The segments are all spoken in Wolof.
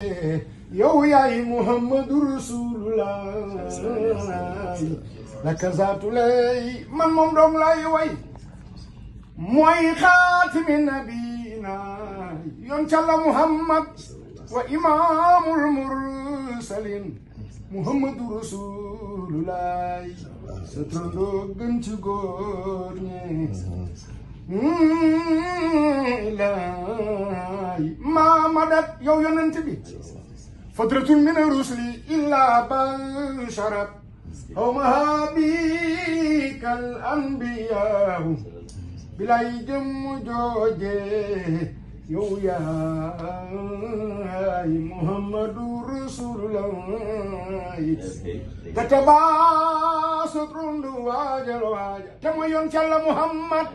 يا محمد رسول الله لا ذات لي من موم دوم لاي واي موي خاتم النبينا يون الله محمد وإمام المرسلين محمد رسول الله ستردو بنت غورني إلهي Muhammad ak yow yonent bi fadratun min rusli illa bansharat hawmaha bi kal anbiyaahu bilay jëmm jooje yow yaay Muhammadu rasulullah gattabaasu rundu waajal waajal te mooy yoon Muhammad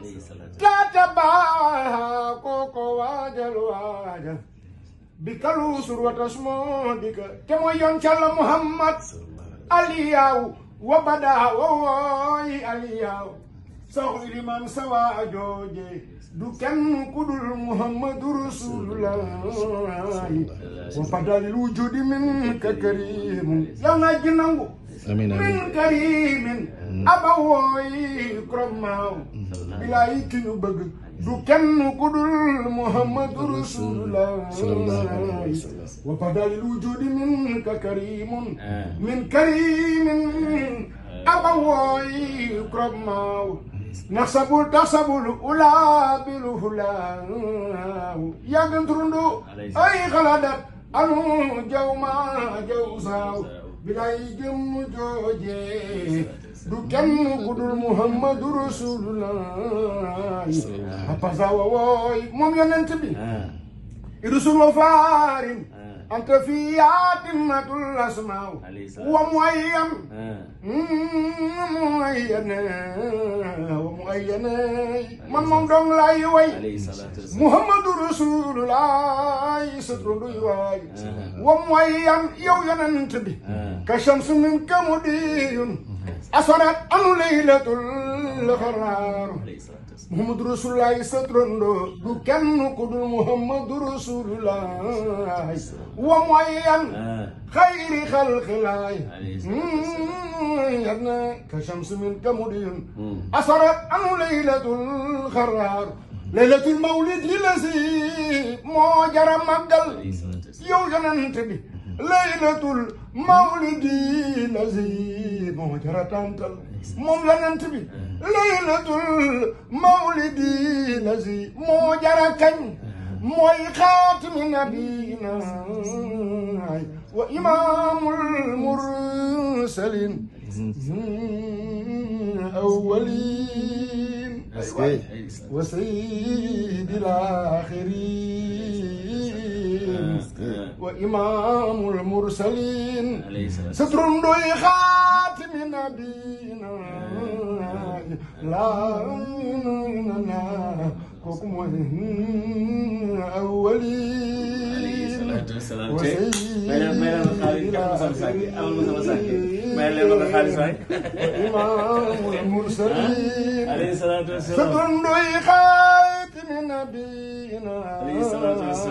gattabaaha kooko waajal waajal waaja bi kalu surwatas moo di ka te mooy yoon muhammad aliyaaw wa badaa wa wooyi aliyaaw sax liman sawa jooje du kenn ku muhammadu rasulullahi wa badalil wujudi min ka karimu yow naa ji nangu امين من كريم ابوي كرماو بلاي كيو بغ دو كن كدل محمد رسول الله صلى الله عليه وسلم وفضل الوجود منك كريم آه. من كريم آه. ابوي كرماو نحسب تحسب الأولى بالهلا يا قنترندو أي غلدت أنو جوما جوزاو bilay jëmm jooje du kenn ku dul muhammadu rasulullah apasa wa wooy moom yonent bi ah. irsul wa faarin ah. anta fi yaatimatul asmaaw wa muayyan ah. mm, muayyana wa muayyana man moom dong yi sa turando yu waaj wa mooy yam yow yonent bi ka shamsu min ka mu diyun asorat anu laylatul xaraar muhammadu rasulullahi sa turando du kenn ku dul muhammadu rasulullahi wa mooy yam xayri xalqilaay yarna ka shamsu min ka mu diyun hmm. asorat anu laylatul xaraar ليلة المولد للذي موجر مقل يوجن انتبه ليلة المولد للذي موجر تنتل مملن انتبه ليلة المولد للذي موجر كن موي خاتم نبينا وإمام المرسلين أولين وسيد الآخرين وإمام المرسلين ستر دوي خاتم نبينا لا كوكم أولين salaam tey may leen may leen ma xaalis jox ma sama saak bi amal ma sama saak bi may leen ma ko xaalis waay. imaamul mursaliin. alayhi salaatu wa salaam.